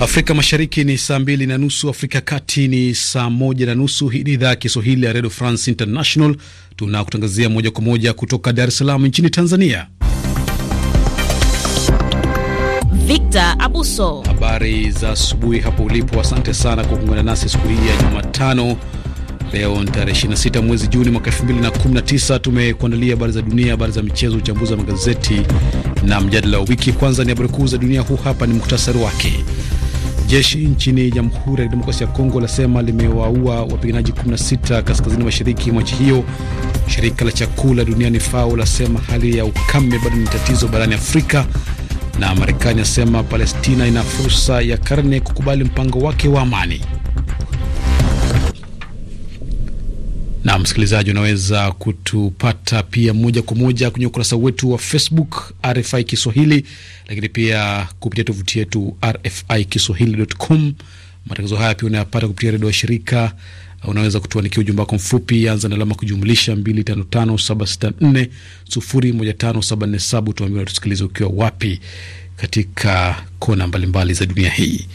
Afrika Mashariki ni saa mbili na nusu, Afrika Kati ni saa moja na nusu. Hii ni idhaa ya Kiswahili ya Redio France International, tunakutangazia moja kwa moja kutoka Dar es Salaam nchini Tanzania. Victor Abuso, habari za asubuhi hapo ulipo. Asante sana kwa kuungana nasi siku hii ya Jumatano. Leo ni tarehe 26 mwezi Juni mwaka 2019. Tumekuandalia habari za dunia, habari za michezo, uchambuzi wa magazeti na mjadala wa wiki. Kwanza ni habari kuu za dunia, huu hapa ni muhtasari wake. Jeshi nchini Jamhuri ya Kidemokrasia ya Kongo lasema limewaua wapiganaji 16 kaskazini mashariki mwa nchi hiyo. Shirika la chakula duniani FAO lasema hali ya ukame bado ni tatizo barani Afrika, na Marekani asema Palestina ina fursa ya karne kukubali mpango wake wa amani. Na msikilizaji, unaweza kutupata pia moja kwa moja kwenye ukurasa wetu wa Facebook RFI Kiswahili, lakini pia kupitia tovuti yetu RFI Kiswahili.com. Matangazo haya pia unayapata kupitia redio wa shirika. Unaweza kutuandikia ujumbe wako mfupi, anza na alama kujumlisha 255764015747. Tuambie unatusikiliza ukiwa wapi katika kona mbalimbali mbali za dunia hii.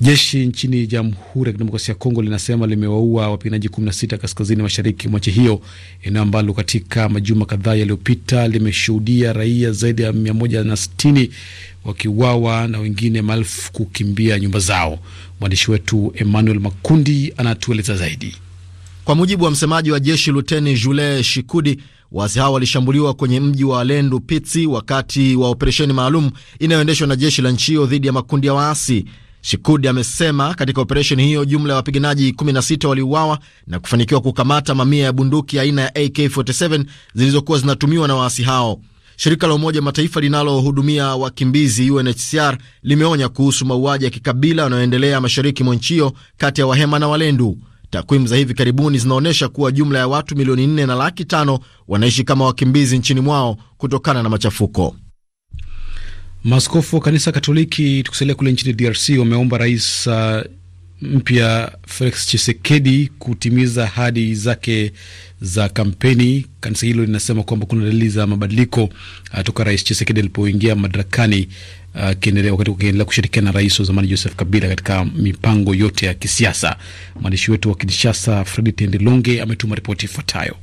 Jeshi nchini Jamhuri ya Kidemokrasia ya Kongo linasema limewaua wapiganaji 16 kaskazini mashariki mwa nchi hiyo, eneo ambalo katika majuma kadhaa yaliyopita limeshuhudia raia zaidi ya 160 wakiuawa na wengine maelfu kukimbia nyumba zao. Mwandishi wetu Emmanuel Makundi anatueleza zaidi. Kwa mujibu wa msemaji wa jeshi Luteni Jule Shikudi, waasi hao walishambuliwa kwenye mji wa Lendu Pitsi wakati wa operesheni maalum inayoendeshwa na jeshi la nchi hiyo dhidi ya makundi ya waasi. Shikudi amesema katika operesheni hiyo jumla ya wapiganaji 16 waliuawa na kufanikiwa kukamata mamia ya bunduki aina ya AK47 zilizokuwa zinatumiwa na waasi hao. Shirika la Umoja Mataifa linalohudumia wakimbizi UNHCR limeonya kuhusu mauaji ya kikabila yanayoendelea mashariki mwa nchi hiyo kati ya Wahema na Walendu. Takwimu za hivi karibuni zinaonyesha kuwa jumla ya watu milioni 4 na laki 5 wanaishi kama wakimbizi nchini mwao kutokana na machafuko. Maaskofu wa kanisa Katoliki, tukisalia kule nchini DRC, wameomba rais uh, mpya Felix chisekedi kutimiza ahadi zake za kampeni. Kanisa hilo linasema kwamba kuna dalili za mabadiliko uh, toka rais chisekedi alipoingia madarakani akiendelea uh, wakati ukiendelea kushirikiana na rais wa zamani Joseph Kabila katika mipango yote ya kisiasa. Mwandishi wetu wa Kinshasa Fredi tendelonge ametuma ripoti ifuatayo.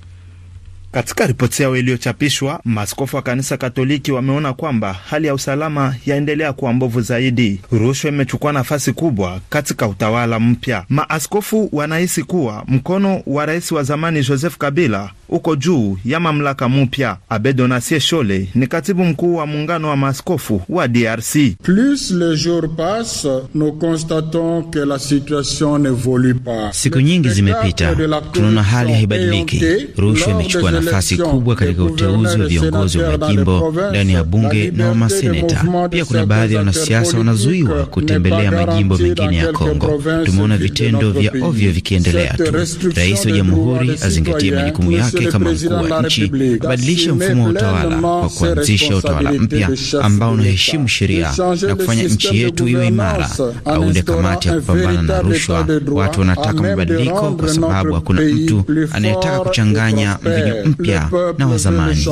Katika ripoti yao iliyochapishwa, maaskofu wa kanisa Katoliki wameona kwamba hali ya usalama yaendelea kuwa mbovu zaidi. Rushwa imechukua nafasi kubwa katika utawala mpya. Maaskofu wanahisi kuwa mkono wa rais wa zamani Joseph Kabila uko juu ya mamlaka mupya. Abedonasie Shole ni katibu mkuu wa muungano wa maskofu wa DRC. Plus les jours passent, nous constatons que la situation n'evolue pas. Siku nyingi zimepita, tunaona hali haibadiliki. Rushwa imechukua nafasi kubwa katika uteuzi wa viongozi wa majimbo ndani ya bunge na wa maseneta. Pia kuna baadhi ya wanasiasa wanazuiwa kutembelea majimbo mengine ya Kongo. Tumeona vitendo vya ovyo vikiendelea tu. Rais wa jamhuri azingatie majukumu yake wake kama mkuu wa nchi abadilishe mfumo wa utawala kwa kuanzisha utawala mpya ambao unaheshimu sheria na kufanya nchi yetu iwe imara. Aunde kamati ya kupambana na rushwa. Watu wanataka mabadiliko kwa sababu hakuna mtu anayetaka kuchanganya mvinyo mpya na wa zamani.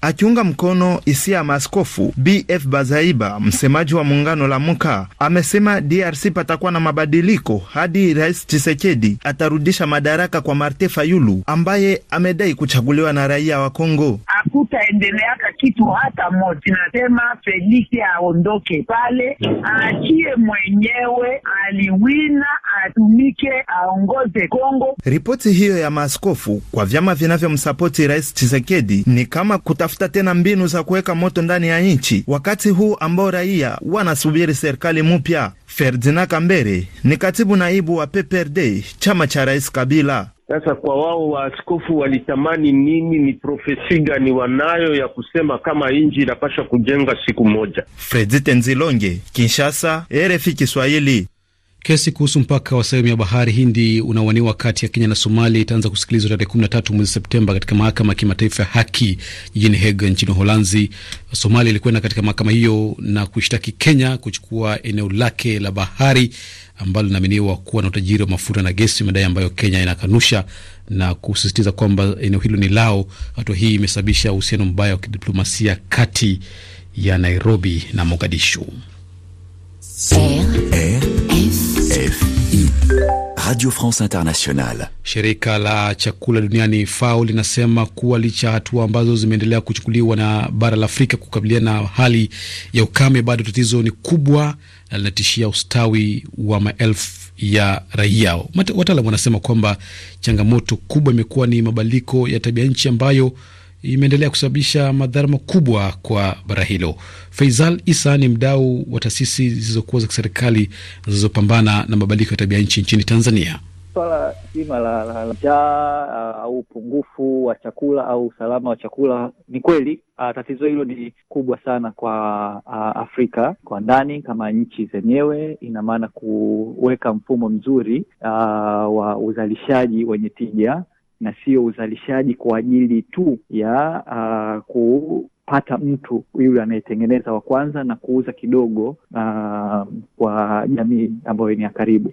Akiunga mkono hisia ya maaskofu, BF Bazaiba, msemaji wa muungano la Muka, amesema DRC patakuwa na mabadiliko hadi Rais chisekedi atarudisha madaraka kwa Marte Fayulu ambaye amedai kuchaguliwa na raia wa Kongo hakutaendelea kitu hata moja. Tunasema Felike aondoke pale, aachie mwenyewe aliwina, atumike, aongoze Kongo. Ripoti hiyo ya maaskofu kwa vyama vinavyomsapoti Rais Chisekedi ni kama kutafuta tena mbinu za kuweka moto ndani ya nchi, wakati huu ambao raia wanasubiri serikali mpya. Ferdinand Kambere ni katibu naibu wa PPRD, chama cha Rais Kabila. Sasa kwa wao waaskofu walitamani nini? Ni profesi gani wanayo ya kusema kama inji inapasha kujenga siku moja? Fredi Tenzilonge, Kinshasa, RFI Kiswahili. Kesi kuhusu mpaka wa sehemu ya bahari Hindi unaowaniwa kati ya Kenya na Somalia itaanza kusikilizwa tarehe 13 mwezi Septemba katika mahakama ya kimataifa ya haki jijini Hague nchini Uholanzi. Somalia ilikwenda katika mahakama hiyo na kushtaki Kenya kuchukua eneo lake la bahari ambalo linaaminiwa kuwa na utajiri wa mafuta na gesi, madai ambayo Kenya inakanusha na kusisitiza kwamba eneo hilo ni lao. Hatua hii imesababisha uhusiano mbaya wa kidiplomasia kati ya Nairobi na Mogadishu. RFI Radio France Internationale. Shirika la chakula duniani FAO linasema kuwa licha ya hatua ambazo zimeendelea kuchukuliwa na bara la Afrika kukabiliana na hali ya ukame, bado tatizo ni kubwa na linatishia ustawi wa maelfu ya raia. Wataalamu wanasema kwamba changamoto kubwa imekuwa ni mabadiliko ya tabia nchi ambayo imeendelea kusababisha madhara makubwa kwa bara hilo. Faisal Isa ni mdau wa taasisi zilizokuwa za kiserikali zinazopambana na mabadiliko ya tabia nchi nchini Tanzania. Swala zima la njaa uh, au upungufu wa chakula au usalama wa chakula, ni kweli uh, tatizo hilo ni kubwa sana kwa a, uh, Afrika kwa ndani kama nchi zenyewe. Ina maana kuweka mfumo mzuri a, wa uzalishaji wenye tija na sio uzalishaji kwa ajili tu ya uh, ku pata mtu yule anayetengeneza wa kwanza na kuuza kidogo uh, kwa jamii ambayo ni ya karibu.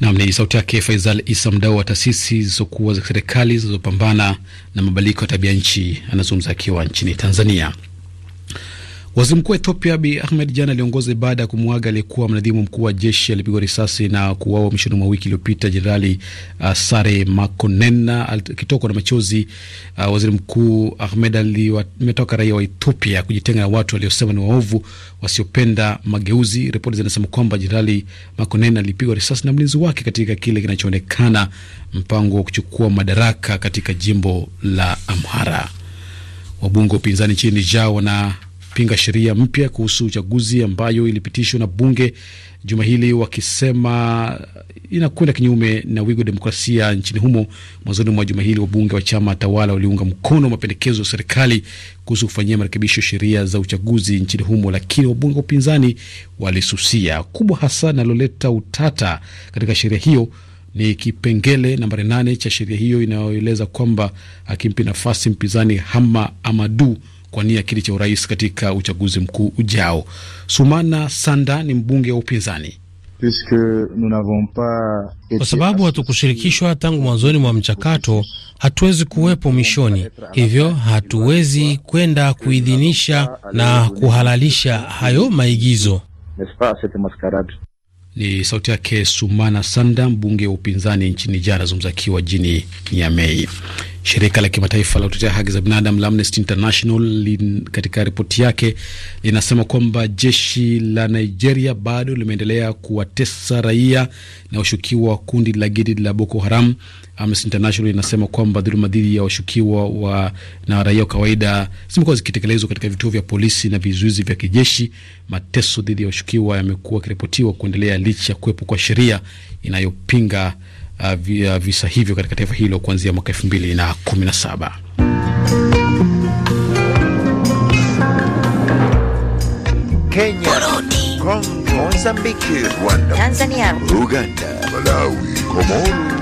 Nam ni sauti yake Faisal Isa, mdau wa taasisi zilizokuwa za serikali zinazopambana na mabadiliko ya tabia nchi, anazungumza akiwa nchini Tanzania. Waziri mkuu wa Ethiopia Abiy Ahmed jana aliongoza ibada ya kumwaga aliyekuwa mnadhimu mkuu wa jeshi alipigwa risasi na kuuawa mwishoni mwa wiki iliyopita, Jenerali uh, Sare Makonena akitokwa na machozi. Uh, waziri mkuu Ahmed aliwametoka raia wa Ethiopia kujitenga na watu waliosema ni waovu wasiopenda mageuzi. Ripoti zinasema kwamba Jenerali Makonena alipigwa risasi na mlinzi wake katika kile kinachoonekana mpango wa kuchukua madaraka katika jimbo la Amhara. Wabunge wa upinzani nchini Niger wana kupinga sheria mpya kuhusu uchaguzi ambayo ilipitishwa na bunge juma hili, wakisema inakwenda kinyume na wigo demokrasia nchini humo. Mwanzoni mwa juma hili, wabunge wa chama tawala waliunga mkono mapendekezo ya serikali kuhusu kufanyia marekebisho sheria za uchaguzi nchini humo, lakini wabunge wa upinzani walisusia. Kubwa hasa linaloleta utata katika sheria hiyo ni kipengele nambari nane cha sheria hiyo inayoeleza kwamba akimpi nafasi mpinzani Hama Amadu kuwania kiti cha urais katika uchaguzi mkuu ujao. Sumana Sanda ni mbunge wa upinzani. Kwa sababu hatukushirikishwa tangu mwanzoni mwa mchakato, hatuwezi kuwepo mwishoni, hivyo hatuwezi kwenda kuidhinisha na kuhalalisha hayo maigizo. Ni sauti yake Sumana Sanda, mbunge wa upinzani nchini Nijar, anazungumza akiwa jini Niamey. Shirika la kimataifa la kutetea haki za binadamu la Amnesty International lin, katika ripoti yake linasema kwamba jeshi la Nigeria bado limeendelea kuwatesa raia na washukiwa wa kundi la gidi la Boko Haram. Amnesty International inasema kwamba dhuluma dhidi ya washukiwa wa na raia wa kawaida zimekuwa zikitekelezwa katika vituo vya polisi na vizuizi vya kijeshi. Mateso dhidi ya washukiwa yamekuwa yakiripotiwa kuendelea licha ya kuwepo kwa sheria inayopinga Uh, uh, visa hivyo katika taifa hilo kuanzia mwaka 2017. Kenya, Burundi, Kongo, Mozambiki, Rwanda, Tanzania, Uganda, Malawi, Komoro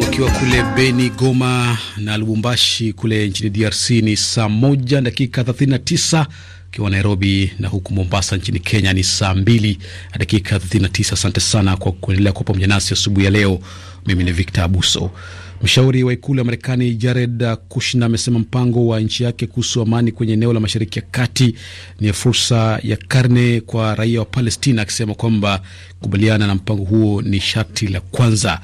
na mkiwa kule Beni, Goma na Lubumbashi kule nchini DRC ni saa moja dakika 39, kiwa Nairobi na huku Mombasa nchini Kenya ni saa mbili na dakika 39. Asante sana kwa kuendelea kuwa pamoja nasi asubuhi ya leo. Mimi ni Victor Abuso. Mshauri wa ikulu ya Marekani Jared Kushner amesema mpango wa nchi yake kuhusu amani kwenye eneo la mashariki ya kati ni fursa ya karne kwa raia wa Palestina, akisema kwamba kukubaliana na mpango huo ni sharti la kwanza.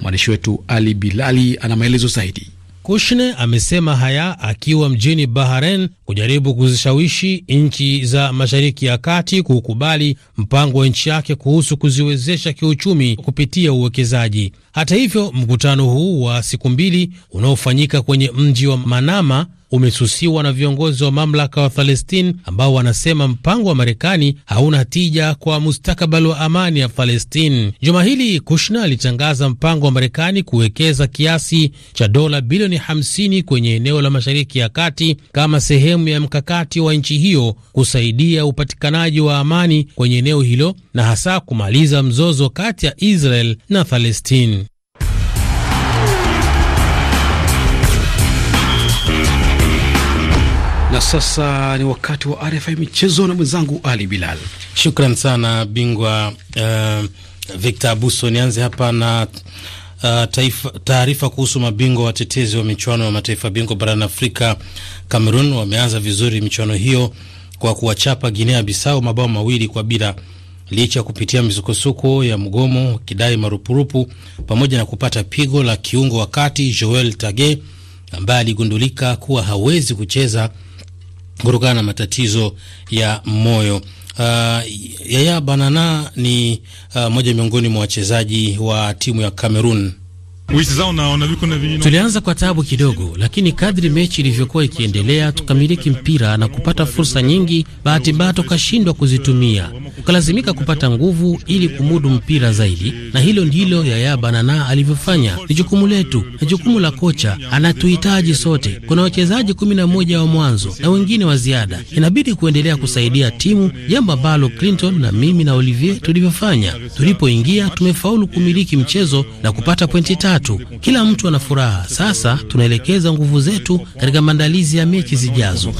Mwandishi wetu Ali Bilali ana maelezo zaidi. Kushne amesema haya akiwa mjini Bahrain kujaribu kuzishawishi nchi za Mashariki ya Kati kuukubali mpango wa nchi yake kuhusu kuziwezesha kiuchumi kupitia uwekezaji. Hata hivyo, mkutano huu wa siku mbili unaofanyika kwenye mji wa Manama umesusiwa na viongozi wa mamlaka wa Palestine ambao wanasema mpango wa Marekani hauna tija kwa mustakabali wa amani ya Palestine. Juma hili Kushna alitangaza mpango wa Marekani kuwekeza kiasi cha dola bilioni 50 kwenye eneo la Mashariki ya Kati kama sehemu ya mkakati wa nchi hiyo kusaidia upatikanaji wa amani kwenye eneo hilo na hasa kumaliza mzozo kati ya Israel na Palestine. Na sasa ni wakati wa RFI michezo na mwenzangu Ali Bilal. Shukran sana bingwa uh, Victor Abuso. Nianze hapa na uh, taarifa kuhusu mabingwa watetezi wa michuano ya mataifa bingwa barani Afrika. Cameroon wameanza vizuri michuano hiyo kwa kuwachapa Guinea Bissau mabao mawili kwa bila licha ya kupitia misukosuko ya mgomo wakidai marupurupu pamoja na kupata pigo la kiungo wakati Joel Tage ambaye aligundulika kuwa hawezi kucheza kutokana na matatizo ya moyo. Uh, Yaya Banana ni uh, moja miongoni mwa wachezaji wa timu ya Cameroon Tulianza kwa tabu kidogo, lakini kadri mechi ilivyokuwa ikiendelea, tukamiliki mpira na kupata fursa nyingi. Bahati mbaya tukashindwa kuzitumia, tukalazimika kupata nguvu ili kumudu mpira zaidi, na hilo ndilo Yaya Banana alivyofanya. Ni jukumu letu na jukumu la kocha, anatuhitaji sote. Kuna wachezaji kumi na moja wa mwanzo na wengine wa ziada, inabidi kuendelea kusaidia timu, jambo ambalo Clinton na mimi na Olivier tulivyofanya. Tulipoingia tumefaulu kumiliki mchezo na kupata pointi tatu tatu, kila mtu ana furaha. Sasa tunaelekeza nguvu zetu katika maandalizi ya mechi zijazo.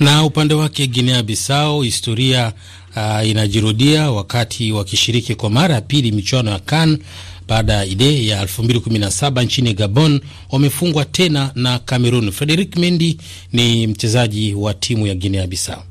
Na upande wake Guinea Bissau, historia uh, inajirudia wakati wakishiriki kwa mara ya pili michuano ya CAN baada ya ile ya 2017 nchini Gabon, wamefungwa tena na Cameroon. Frederic Mendy ni mchezaji wa timu ya Guinea Bissau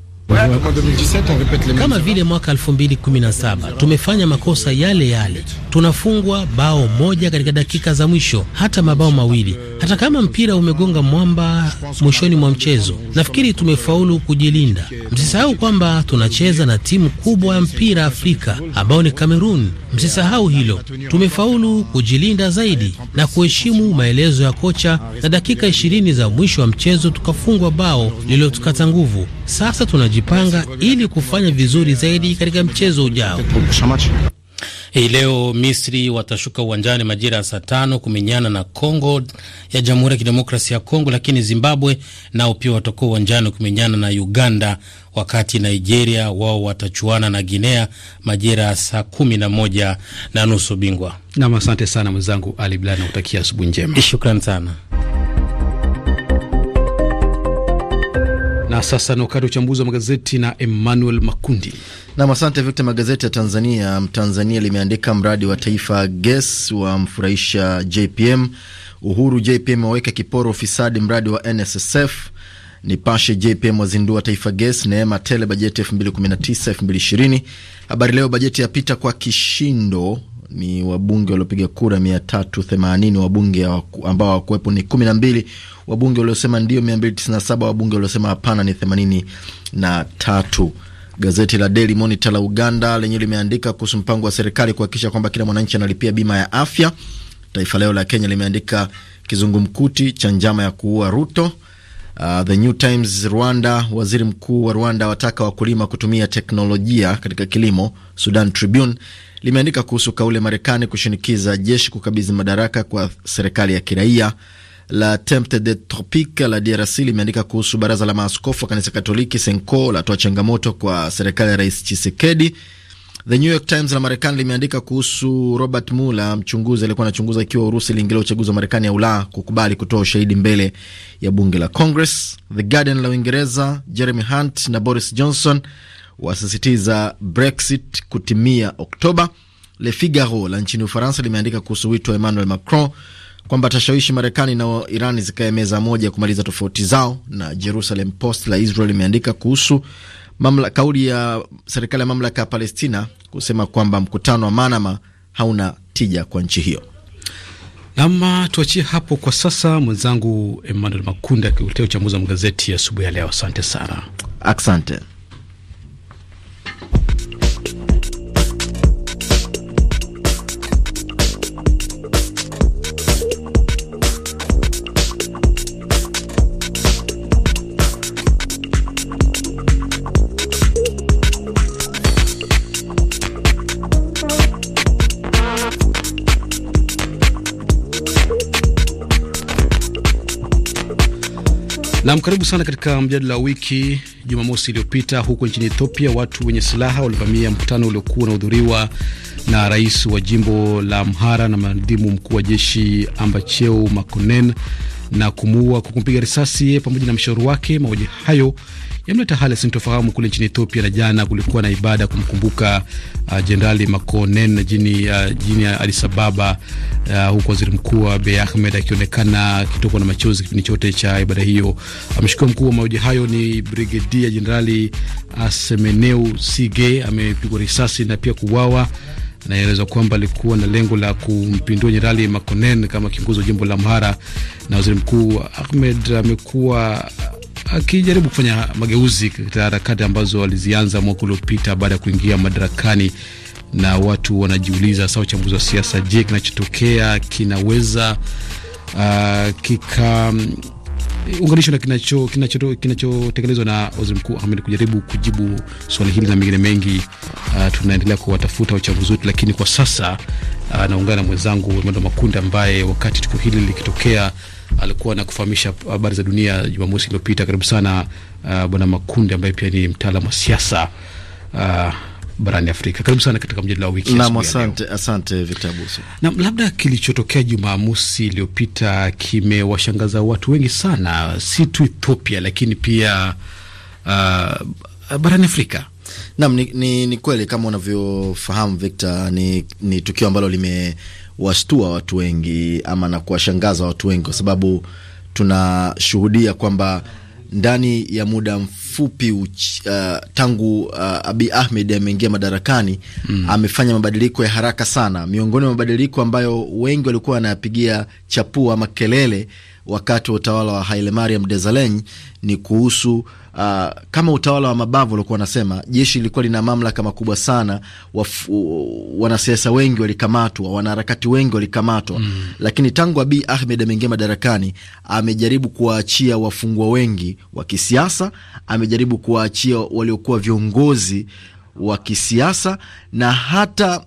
kama vile mwaka 2017 tumefanya makosa yale yale, tunafungwa bao moja katika dakika za mwisho, hata mabao mawili, hata kama mpira umegonga mwamba mwishoni mwa mchezo. Nafikiri tumefaulu kujilinda. Msisahau kwamba tunacheza na timu kubwa ya mpira Afrika ambao ni Kamerun. Msisahau hilo, tumefaulu kujilinda zaidi na kuheshimu maelezo ya kocha, na dakika 20 za mwisho wa mchezo tukafungwa bao lililotukata nguvu. Sasa tunajipanga ili kufanya vizuri zaidi katika mchezo ujao. Hii leo Misri watashuka uwanjani majira ya saa tano kumenyana na congo ya Jamhuri ya Kidemokrasia ya Kongo, lakini Zimbabwe nao pia watakuwa uwanjani kumenyana na Uganda, wakati Nigeria wao watachuana na Guinea majira ya saa kumi na moja na nusu. Bingwa nam, asante sana mwenzangu Ali Blana, utakia asubuhi njema, shukran sana. Na sasa ni wakati wa uchambuzi wa magazeti na Emmanuel Makundi. Nam, asante Victor. Magazeti ya Tanzania, Tanzania limeandika mradi wa taifa ges wa mfurahisha JPM. Uhuru JPM waweka kiporo ufisadi mradi wa NSSF. Nipashe JPM wazindua taifa ges. Neema tele bajeti 2019 2020. Habari Leo bajeti yapita kwa kishindo ni wabunge waliopiga kura mia tatu themanini wabunge ambao hawakuwepo ni kumi na mbili wabunge waliosema ndio mia mbili tisini na saba wabunge waliosema hapana ni themanini na tatu. Gazeti la Daily Monitor la Uganda lenyewe limeandika kuhusu mpango wa serikali kuhakikisha kwamba kila mwananchi analipia bima ya afya. Taifa Leo la Kenya limeandika kizungumkuti cha njama ya kuua Ruto. Uh, The New Times Rwanda, waziri mkuu wa Rwanda wataka wakulima kutumia teknolojia katika kilimo. Sudan Tribune limeandika kuhusu kauli ya Marekani kushinikiza jeshi kukabidhi madaraka kwa serikali ya kiraia. La Temple de Tropiques la DRC limeandika kuhusu baraza la maaskofu wa kanisa Katoliki Senko latoa changamoto kwa serikali ya Rais Chisekedi. The New York Times la Marekani limeandika kuhusu Robert Mueller, mchunguzi aliyekuwa anachunguza ikiwa Urusi iliingilia uchaguzi wa Marekani ya ulaa kukubali kutoa ushahidi mbele ya bunge la Congress. The Guardian la Uingereza, Jeremy Hunt na Boris Johnson wasisitiza Brexit kutimia Oktoba. Le Figaro la nchini Ufaransa limeandika kuhusu wito wa Emmanuel Macron kwamba atashawishi Marekani na Iran zikae meza moja kumaliza tofauti zao, na Jerusalem Post la Israel limeandika kuhusu kauli ya serikali ya mamlaka ya Palestina kusema kwamba mkutano wa Manama hauna tija kwa nchi hiyo. Nam, tuachie hapo kwa sasa. Mwenzangu Emmanuel Makunda akiuletea uchambuzi wa magazeti asubuhi ya leo. Asante sana. Asante. Nam, karibu sana katika mjadala wa wiki. Jumamosi iliyopita huko nchini Ethiopia, watu wenye silaha walivamia mkutano uliokuwa unahudhuriwa na rais wa jimbo la Amhara na mnadhimu mkuu wa jeshi Ambacheu Makonnen na kumuua kwa kumpiga risasi pamoja na mshauri wake. Mauaji hayo yamleta hali sintofahamu kule nchini Ethiopia, na jana kulikuwa na ibada kumkumbuka jenerali uh, Makonnen jini, uh, jini Addis Ababa, uh, huku waziri mkuu Abiy Ahmed akionekana akitokwa na machozi kipindi chote cha ibada hiyo. Mshukiwa mkuu wa mauaji hayo ni brigedia jenerali Asemeneu uh, Sige, amepigwa risasi na pia kuuawa naeleza kwamba alikuwa na lengo la kumpindua jenerali Makonnen kama kiongozi wa jimbo la Amhara. Na waziri mkuu Ahmed amekuwa akijaribu kufanya mageuzi katika harakati ambazo walizianza mwaka uliopita baada ya kuingia madarakani, na watu wanajiuliza saa, uchambuzi wa siasa, je, kinachotokea kinaweza uh, kika unganisho na kinachotekelezwa kinacho, kinacho na waziri mkuu Ahmed kujaribu kujibu swali hili na mengine mengi. Uh, tunaendelea kuwatafuta wachambuzi wetu, lakini kwa sasa uh, naungana na mwenzangu Edmond Makunde ambaye wakati tukio hili likitokea alikuwa na kufahamisha habari za dunia Jumamosi iliyopita. Karibu sana uh, bwana Makundi ambaye pia ni mtaalamu wa siasa uh, barani Afrika. Karibu sana katika mjadala wa wiki. Naam, asante, asante Victor Buso. Naam, labda kilichotokea Jumamosi iliyopita kimewashangaza watu wengi sana, si tu Ethiopia lakini pia uh, barani Afrika. Naam, ni, ni, ni kweli kama unavyofahamu Victor, ni, ni tukio ambalo lime kuwashtua watu wengi ama na kuwashangaza watu wengi, kwa sababu tunashuhudia kwamba ndani ya muda mfupi uh, tangu uh, Abi Ahmed ameingia madarakani mm. amefanya mabadiliko ya haraka sana. Miongoni mwa mabadiliko ambayo wengi walikuwa wanayapigia chapua ama kelele wakati wa utawala wa Hailemariam Desalegn ni kuhusu uh, kama utawala wa mabavu walikuwa wanasema jeshi lilikuwa lina mamlaka makubwa sana. Wanasiasa wengi walikamatwa, wanaharakati wengi walikamatwa mm. Lakini tangu Abi Ahmed ameingia madarakani amejaribu kuwaachia wafungwa wengi wa kisiasa, amejaribu kuwaachia waliokuwa viongozi wa kisiasa na hata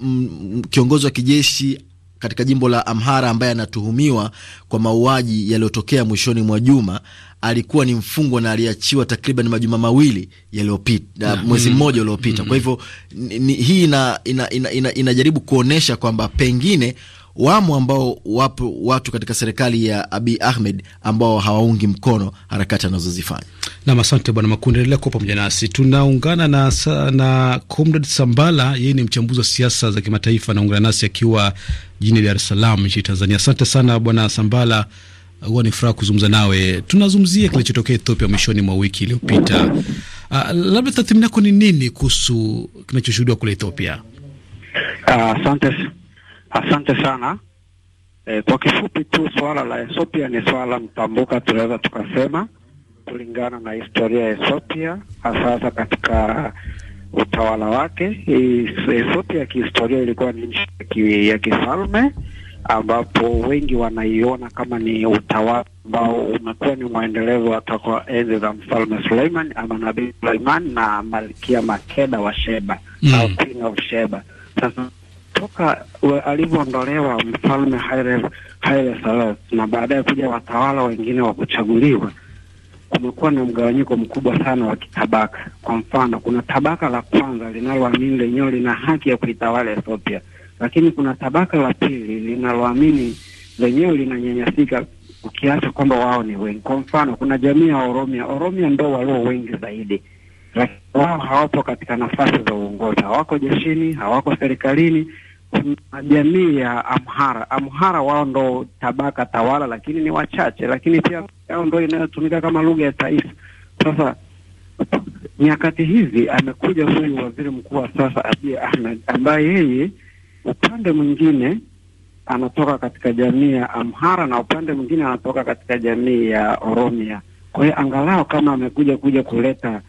uh, kiongozi wa kijeshi katika jimbo la Amhara ambaye anatuhumiwa kwa mauaji yaliyotokea mwishoni mwa juma alikuwa ni mfungwa na aliachiwa takriban majuma mawili yaliyopita, uh, mwezi mm-hmm. mmoja uliopita. Kwa mm-hmm. hivyo hii ina, ina, ina, ina, inajaribu kuonyesha kwamba pengine wamo ambao wapo watu katika serikali ya Abi Ahmed ambao hawaungi mkono harakati anazozifanya. Nam, asante Bwana Makundi, endelea kuwa pamoja nasi. Tunaungana na, na Comrade Sambala, yeye ni mchambuzi wa siasa za kimataifa, anaungana nasi akiwa jijini Dar es Salaam nchini Tanzania. Asante sana Bwana Sambala huwa ni furaha kuzungumza nawe. Tunazungumzia kilichotokea Ethiopia mwishoni mwa wiki iliyopita. Uh, labda tathmini yako ni nini kuhusu kinachoshuhudiwa kule Ethiopia? Ah, asante uh, asante sana. eh, kwa kifupi tu swala la Ethiopia ni swala mtambuka, tunaweza tukasema kulingana na historia ya Ethiopia, hasa katika utawala wake. Ethiopia kihistoria ilikuwa ni nchi ya kifalme ki ambapo wengi wanaiona kama ni utawala ambao umekuwa ni mwendelezo watoka enzi za mfalme Suleiman ama nabii Suleiman na malkia Makeda wa Sheba mm. au Queen of Sheba. Sasa toka alivyoondolewa mfalme Haile, Haile Selassie na baadaye kuja watawala wengine wa kuchaguliwa, kumekuwa na mgawanyiko mkubwa sana wa kitabaka. Kwa mfano, kuna tabaka la kwanza linaloamini lenyewe lina haki ya kuitawala Ethiopia lakini kuna tabaka la pili linaloamini lenyewe linanyanyasika ukiacha kwamba wao ni wengi. Kwa mfano, kuna jamii ya Oromia. Oromia ndo walio wengi zaidi, lakini wao hawapo katika nafasi za uongozi, hawako jeshini, hawako serikalini. Kuna jamii ya Amhara. Amhara wao ndo tabaka tawala, lakini ni wachache, lakini pia yao ndo inayotumika kama lugha ya taifa. Sasa nyakati hizi amekuja huyu waziri mkuu wa sasa Abiy Ahmed ambaye yeye upande mwingine anatoka katika jamii ya Amhara na upande mwingine anatoka katika jamii ya Oromia. Kwa hiyo angalau kama amekuja kuja kuleta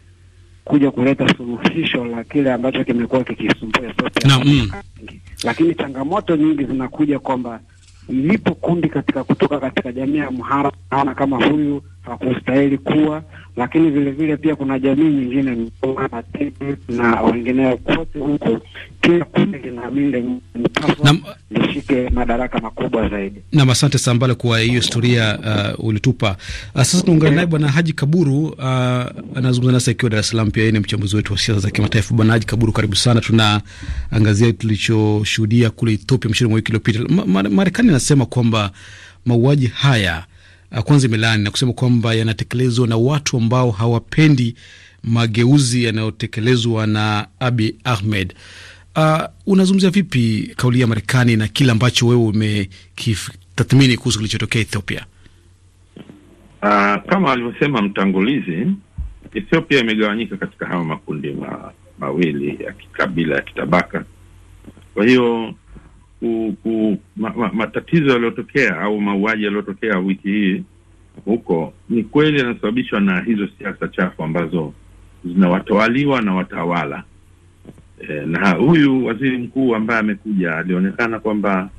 kuja kuleta suluhisho la kile ambacho kimekuwa kikisumbua sote na, mm. Lakini changamoto nyingi zinakuja kwamba lipo kundi katika kutoka katika jamii ya Amhara, naona kama huyu hakustahili kuwa, lakini vile vile pia kuna jamii nyingine na na wengineo kote huko, kila kundi linaamini lenye lishike madaraka makubwa zaidi. Na asante Sambale kwa hiyo historia uh, ulitupa. Uh, sasa tunaungana naye Bwana Haji Kaburu uh, anazungumza nasi akiwa Dar es Salaam, pia yeye ni mchambuzi wetu wa siasa za kimataifa. Bwana Haji Kaburu, karibu sana. Tunaangazia tulichoshuhudia kule Ethiopia mwishoni mwa wiki iliyopita. Marekani ma, anasema kwamba mauaji haya Uh, kwanza imelaani na kusema kwamba yanatekelezwa na watu ambao hawapendi mageuzi yanayotekelezwa na Abi Ahmed. Uh, unazungumzia vipi kauli ya Marekani na kile ambacho wewe umekitathmini kuhusu kilichotokea Ethiopia? Uh, kama alivyosema mtangulizi, Ethiopia imegawanyika katika hayo makundi ma, mawili ya kikabila ya kitabaka, kwa hiyo ku, ku, ma, ma, matatizo yaliyotokea au mauaji yaliyotokea wiki hii huko ni kweli yanasababishwa na hizo siasa chafu ambazo zinawatawaliwa na watawala e, na huyu waziri mkuu ambaye amekuja alionekana kwamba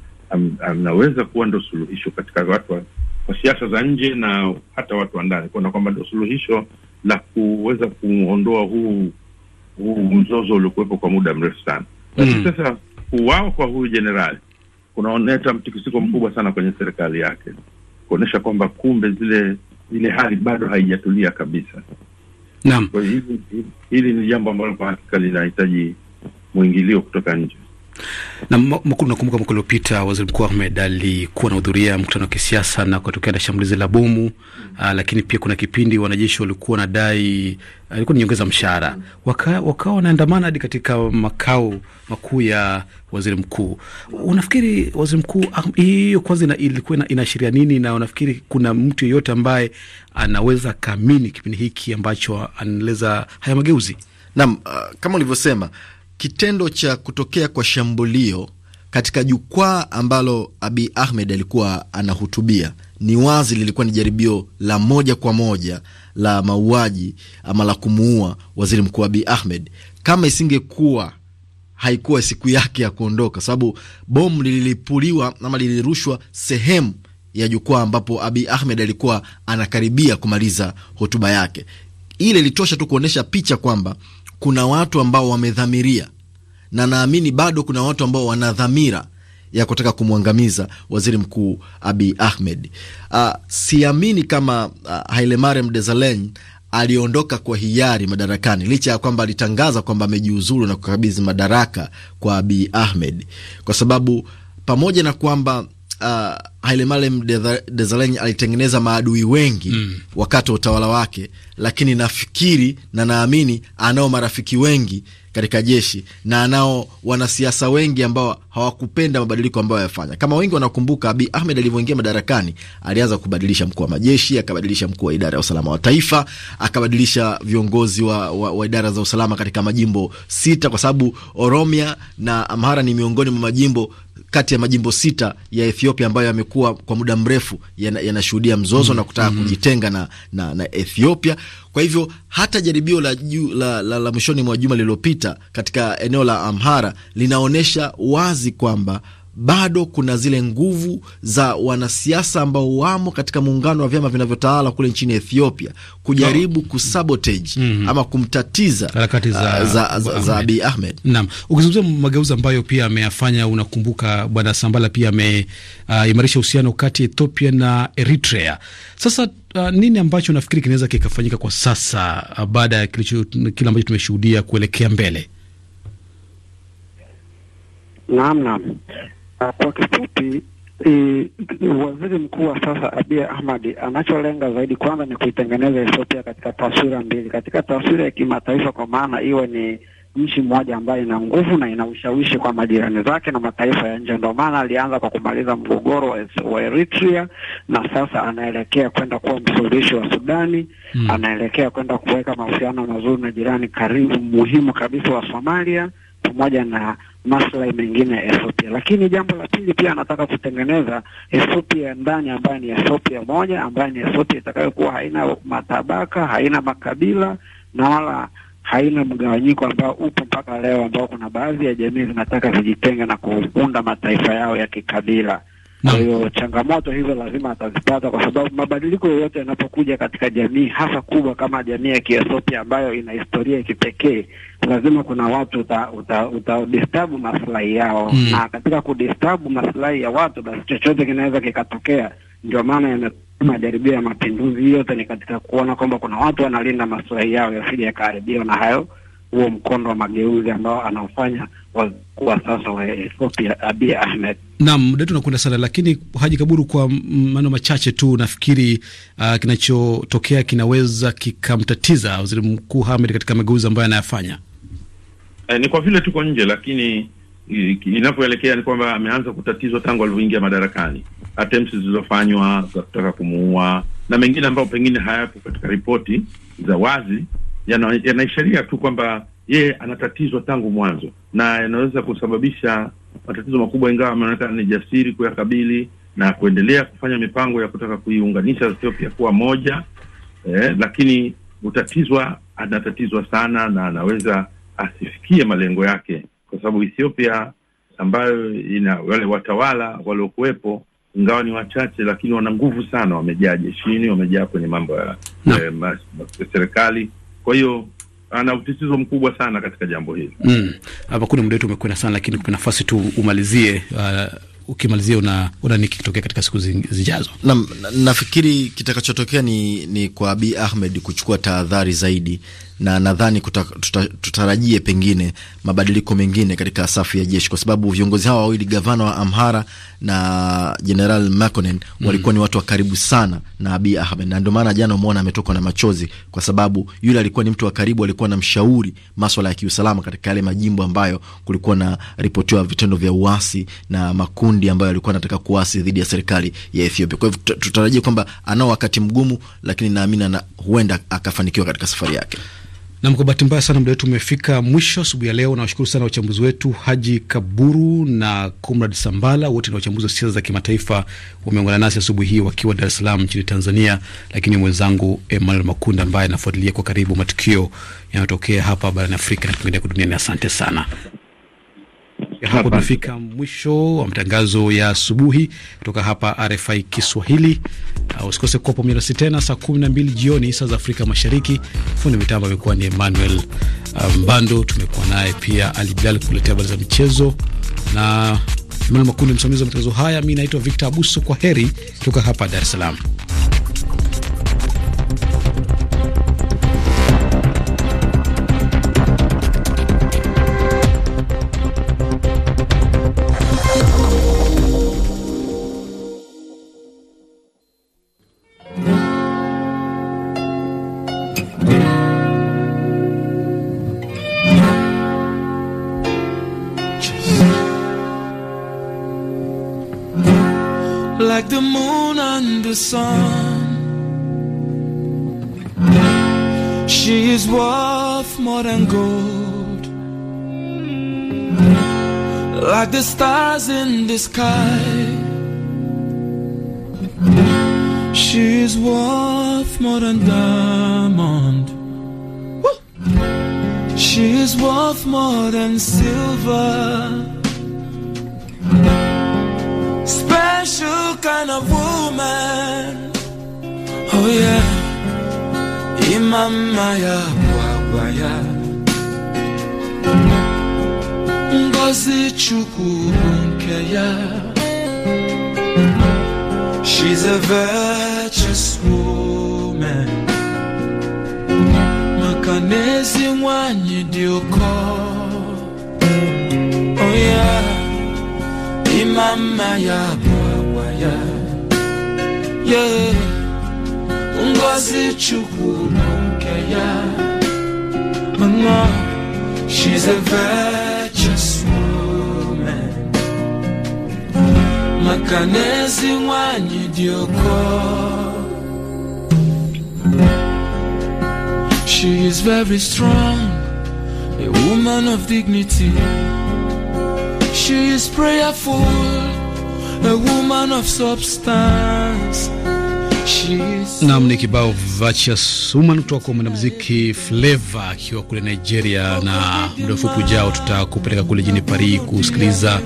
anaweza kuwa ndo suluhisho katika watu wa, siasa za nje na hata watu wa ndani, kuona kwamba ndo suluhisho la kuweza kuondoa huu huu mzozo uliokuwepo kwa muda mrefu sana. mm. sasa kuuawa kwa huyu jenerali kunaoneta mtikisiko mkubwa sana kwenye serikali yake, kuonyesha kwamba kumbe zile ile hali bado haijatulia kabisa. Naam, kwa hivyo hili ni jambo ambalo kwa hakika linahitaji mwingilio kutoka nje. Na mkuu, nakumbuka mwaka uliopita waziri mkuu Ahmed alikuwa anahudhuria mkutano wa kisiasa na kutokea na shambulizi la bomu mm. Uh, lakini pia kuna kipindi wanajeshi walikuwa wanadai ah, alikuwa ni nyongeza mshahara mm. Wakawa waka wanaandamana hadi katika makao makuu ya waziri mkuu. Unafikiri waziri mkuu ah, hiyo kwanza ilikuwa inaashiria nini, na unafikiri kuna mtu yeyote ambaye anaweza kaamini kipindi hiki ambacho anaeleza haya mageuzi? Naam, uh, kama ulivyosema kitendo cha kutokea kwa shambulio katika jukwaa ambalo Abi Ahmed alikuwa anahutubia ni wazi lilikuwa ni jaribio la moja kwa moja la mauaji ama la kumuua waziri mkuu Abi Ahmed. Kama isingekuwa haikuwa siku yake ya kuondoka, sababu bomu lilipuliwa ama lilirushwa sehemu ya jukwaa ambapo Abi Ahmed alikuwa anakaribia kumaliza hotuba yake. Ile ilitosha tu kuonyesha picha kwamba kuna watu ambao wamedhamiria, na naamini bado kuna watu ambao wana dhamira ya kutaka kumwangamiza waziri mkuu Abi Ahmed. Uh, siamini kama uh, Hailemariam Desalegn aliondoka kwa hiari madarakani licha ya kwamba alitangaza kwamba amejiuzulu na kukabidhi madaraka kwa Abi Ahmed, kwa sababu pamoja na kwamba uh, Hailemalem Desalegn alitengeneza maadui wengi mm. wakati wa utawala wake, lakini nafikiri na naamini anao marafiki wengi katika jeshi na anao wanasiasa wengi ambao hawakupenda mabadiliko ambayo yafanya. Kama wengi wanakumbuka, Abi Ahmed alivyoingia madarakani alianza kubadilisha mkuu wa majeshi, akabadilisha mkuu wa idara ya usalama wa taifa, akabadilisha viongozi wa, wa, wa idara za usalama katika majimbo sita, kwa sababu Oromia na Amhara ni miongoni mwa majimbo kati ya majimbo sita ya Ethiopia ambayo yamekuwa kwa muda mrefu yanashuhudia yana mzozo mm, na mm-hmm. kutaka mm, kujitenga na, na, na Ethiopia. Kwa hivyo hata jaribio la, la, la, la mwishoni mwa juma lililopita katika eneo la Amhara linaonyesha wazi kwamba bado kuna zile nguvu za wanasiasa ambao wamo katika muungano wa vyama vinavyotawala kule nchini Ethiopia kujaribu no. kusabotage mm -hmm. ama kumtatiza harakati za, uh, za, za, za Abiy Ahmed. Naam, ukizungumzia mageuzi ambayo pia ameyafanya, unakumbuka Bwana Sambala pia ameimarisha uh, uhusiano kati ya Ethiopia na Eritrea. Sasa Uh, nini ambacho nafikiri kinaweza kikafanyika kwa sasa uh, baada ya kile ambacho tumeshuhudia kuelekea mbele? Naam, naam. Kwa kifupi E, waziri mkuu wa sasa Abiy Ahmed anacholenga zaidi kwanza ni kuitengeneza Ethiopia katika taswira mbili, katika taswira ya kimataifa, kwa maana iwe ni nchi moja ambayo ina nguvu na ina ushawishi kwa majirani zake na mataifa ya nje. Ndio maana alianza kwa kumaliza mgogoro wa Eritrea na sasa anaelekea kwenda kuwa msuluhishi wa Sudani mm. Anaelekea kwenda kuweka mahusiano mazuri na jirani karibu muhimu kabisa wa Somalia pamoja na maslahi mengine ya SOP. Lakini jambo la pili pia anataka kutengeneza SOP ya ndani ambayo ni ya moja, ambayo ni SOP itakayokuwa haina matabaka, haina makabila na wala haina mgawanyiko ambao upo mpaka leo, ambao kuna baadhi ya jamii zinataka zijitenge na kuunda mataifa yao ya kikabila. Kwa hiyo changamoto hizo lazima atazipata, kwa sababu mabadiliko yoyote yanapokuja katika jamii, hasa kubwa kama jamii ya Kiethiopia ambayo ina historia ya kipekee, lazima kuna watu uta, uta, uta maslahi yao mm. na katika kudisturb maslahi ya watu, basi chochote kinaweza kikatokea. Ndio maana yame majaribio ya mapinduzi yote ni katika kuona kwamba kuna watu wanalinda maslahi yao yasije yakaharibiwa na hayo huo mkondo wa mageuzi ambao anaofanya kuwa sasa wa Ethiopia Abiy Ahmed. Naam, muda tunakwenda sana, lakini Haji Kaburu, kwa maneno machache tu, nafikiri uh, kinachotokea kinaweza kikamtatiza waziri mkuu Hamed katika mageuzi ambayo anayafanya. Eh, ni kwa vile tuko nje, lakini inavyoelekea ni kwamba ameanza kutatizwa tangu alivyoingia madarakani, attempts zilizofanywa za kutaka kumuua na mengine ambayo pengine hayapo katika ripoti za wazi, yanaishiria yana tu kwamba yeye anatatizwa tangu mwanzo na inaweza kusababisha matatizo makubwa, ingawa ameonekana ni jasiri kuyakabili na kuendelea kufanya mipango ya kutaka kuiunganisha Ethiopia kuwa moja eh, lakini utatizwa, anatatizwa sana na anaweza asifikie malengo yake, kwa sababu Ethiopia ambayo ina wale watawala waliokuwepo ingawa ni wachache, lakini wana nguvu sana, wamejaa jeshini, wamejaa kwenye mambo ya no. eh, serikali. Kwa hiyo ana utisizo mkubwa sana katika jambo hili mm. Hapa kuna muda wetu umekwenda sana, lakini kuna nafasi tu umalizie. Uh, ukimalizia una, una niki kitokea katika siku zijazo? na, nafikiri kitakachotokea ni, ni kwa abi Ahmed kuchukua tahadhari zaidi na nadhani tutarajie pengine mabadiliko mengine katika safu ya jeshi, kwa sababu viongozi hawa wawili, gavana wa Amhara na General Mekonnen, mm. walikuwa ni watu wa karibu sana na Abiy Ahmed, na ndio maana jana umeona ametokwa na machozi, kwa sababu yule alikuwa ni mtu wa karibu, alikuwa na mshauri maswala ya kiusalama katika yale majimbo ambayo kulikuwa na ripotiwa vitendo vya uasi na makundi ambayo alikuwa anataka kuasi dhidi ya serikali ya Ethiopia. Kwa hivyo tutarajie kwamba anao wakati mgumu, lakini naamini na huenda akafanikiwa katika safari yake. Nam, kwa bahati mbaya sana muda wetu umefika mwisho asubuhi ya leo. Nawashukuru sana wachambuzi wetu Haji Kaburu na Comrad Sambala, wote na wachambuzi wa siasa za kimataifa wameungana nasi asubuhi hii wakiwa Dar es Salaam nchini Tanzania, lakini mwenzangu Emmanuel Makunda ambaye anafuatilia kwa karibu matukio yanayotokea hapa barani Afrika na kwingineko duniani. Asante sana. Hapo tunafika mwisho wa matangazo ya asubuhi kutoka hapa RFI Kiswahili. Uh, usikose kuwa pamoja nasi tena saa 12 jioni saa za Afrika Mashariki. Fundi mitambo amekuwa ni Emmanuel uh, Mbando, um, tumekuwa naye pia Ali Bilal kuletea habari za michezo na Emmanuel Makundi, msimamizi wa matangazo haya. Mi naitwa Victor Abuso, kwa heri kutoka hapa Dar es Salaam. and gold Like the stars in the sky She's worth more than diamond She's worth more than silver Special kind of woman Oh yeah Imam guaya Ngozi chukwu nke ya She's a virtuous woman Maka n'ezi dioko. Oh yeah imama ya bụ agwa ya Yeah Ngozi chukwu nke ya mga She's a virtuous woman Makanezi wanyi dioko She is very strong A woman of dignity She is prayerful A woman of substance Nam ni kibao vacha suman kutoka kwa mwanamuziki Fleva akiwa kule Nigeria, na muda mfupi ujao tutakupeleka kule jini Paris kusikiliza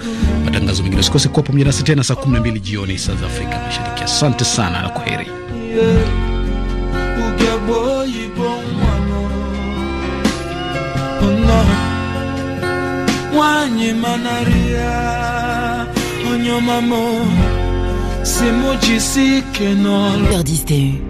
matangazo mengine. Usikose kuwa pamoja nasi tena saa 12 jioni saa za Afrika Mashariki. Asante sana na kwa heri. Yeah. C'est moi que non.